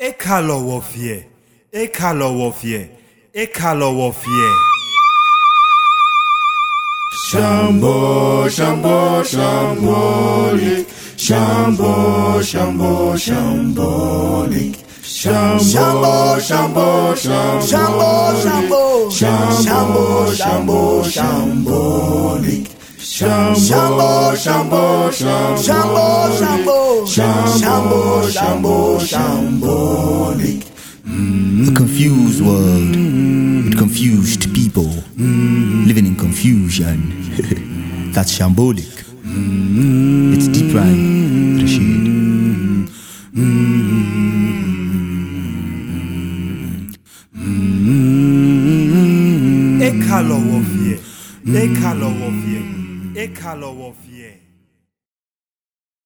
Ekalowofie, Ekalowofie, Ekalowofie. Shambo, Shambo, Shambolik, Shambo, Shambo, Shambolik. Shambo, Shambo, Shambo, Shambo, Shambo, Shambo, Shambolik. Shambo, Shambo, Shambo, Shambo, Shambo, Shambo, Shambo, confused world with confused people living in confusion. That's shambolic. It's deep rhyme, Rashid. Ekalowowie, ekalowowie, ekalowowie.